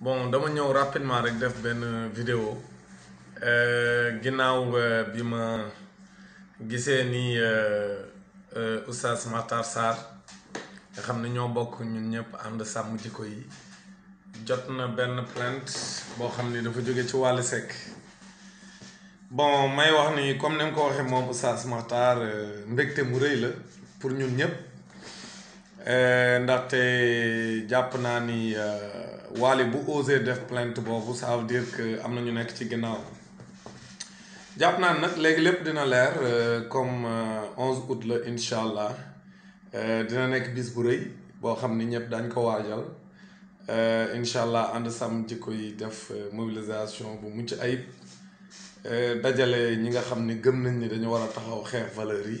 bon dama ñëw rapidement rek def benn vidéo euh, ginnaaw euh, bi ma gisee ni euh, oustaz Matar Sarr nga xam ne ñoo bokk ñun ñëpp ànd sàmm jikko yi jot na benn plainte boo xam ni dafa jóge ci wàll sekk bon may wax ni comme ni nga ko waxee moom oustaz Matar mbégte mu rëy la pour ñun ñëpp Eh, ndaxte jàpp naa ni eh, Wally bu osé def plainte boobu ça veut dire am na ñu nekk ci ginnaaw jàpp naa nag léegi lépp dina leer eh, comme 11 août la incha allah dina nekk bis bu rëy boo xam ni ñëpp dañ ko waajal incha allah ànd sàmm jikko yi def mobilisation bu mucc ayib dajale ñi nga xam ni gëm nañ ni dañu war a taxaw xeex valeur yi.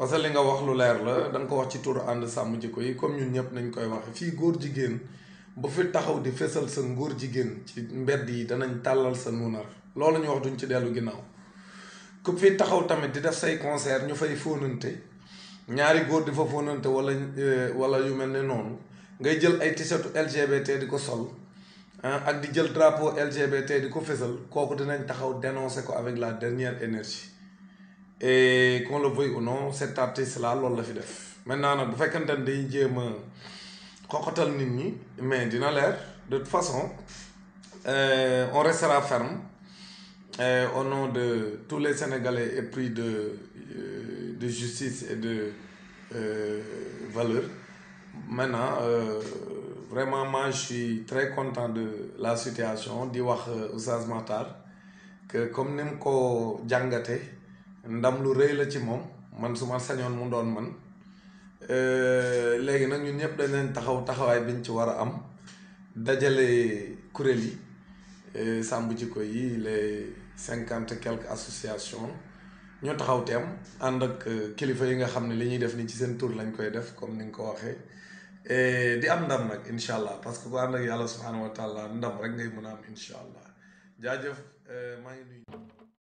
parce que li nga wax lu leer la da ko wax ci turu ànd sàmm jikko yi comme ñun ñëpp nañ koy wax fii góor jigéen bu fi taxaw di fesal sa ngóor jigéen ci mbedd yi danañ tàllal sa nuunar loolu ñu wax duñ ci dellu ginnaaw ku fii taxaw tamit di def say concert ñu fay fóonante ñaari góor di fa fóonante wala euh, wala yu mel ne noonu ngay jël ay t-shirt LGBT di ko sol ah, ak di jël drapeau LGBT di ko fësal kooku dinañ taxaw dénoncer ko avec la dernière énergie et eh, qu'on le veuille ou non cet artiste là ce la fi def maintenant ne bu pas ne day jéem a mais nit y mais dina l'air. de toute façon eh, on restera ferme eh, au nom de tous les Sénégalais épris de euh, de justice et de euh, valeur maintenant euh, vraiment moi je suis très content de la situation di wax Oustaz Matar que comme nous avons ko ndam lu rëy la ci moom man su sañoon mu doon man euh, léegi nag ñun ñëpp dañ leen taxaw taxawaay biñ ci war a am dajale kuréel yi euh, sàmm jikko yi les cinquante quelques association ñu taxaw teem ànd ak euh, kilifa yi nga xam ne li ñuy def ni ci seen tur lañ koy def comme ni nga ko waxee di am ndam nag incha allah parce que ku ànd ak yàlla subhanahu wa taala ndam rek ngay mën a am incha allah jaajëf maa ngi nuyu.